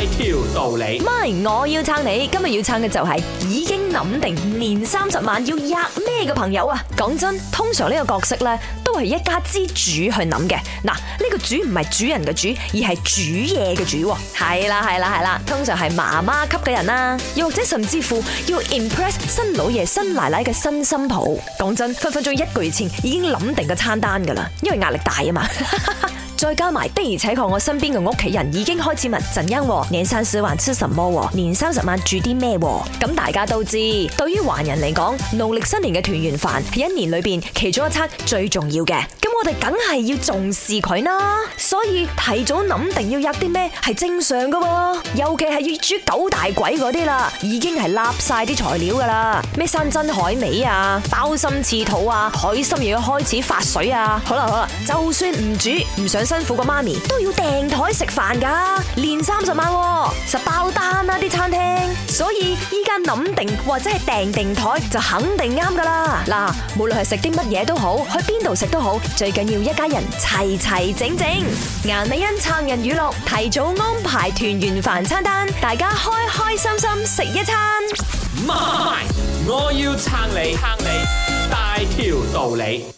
一條道理，MY，我要撐你。今日要撐嘅就係已經諗定年三十晚要吔咩嘅朋友啊！講真，通常呢個角色咧都係一家之主去諗嘅。嗱，呢、這個主唔係主人嘅主，而係煮嘢嘅主。係啦係啦係啦，通常係媽媽級嘅人啦，啊，又或者甚至乎要 impress 新老爺、新奶奶嘅新新抱。講真，分分鐘一個月前已經諗定個餐單噶啦，因為壓力大啊嘛。 再加埋的而且確，我身邊嘅屋企人已經開始問陣音，年三十晚吃什麼？年三十晚煮啲咩？咁大家都知，對於華人嚟講，農曆新年嘅團圓飯係一年裏邊其中一餐最重要嘅。我哋梗係要重視佢啦，所以提早諗定要入啲咩係正常嘅，啊，尤其係要煮九大鬼嗰啲啦，已經係揦晒啲材料噶啦，咩山珍海味啊、鮑參翅肚啊、海參又要開始發水啊，好啦好啦，就算唔煮唔想辛苦個媽咪，都要訂枱食飯噶，年三十晚實、啊、爆單啦、啊、啲餐廳。所以依家諗定或者係訂定枱，就肯定啱噶啦！嗱，無論係食啲乜嘢都好，去邊度食都好，最緊要一家人齊齊整整。顏美欣撐人語錄，提早安排團圓飯餐單，大家開開心心食一餐。MY，我要撐你，撐你，大條道理。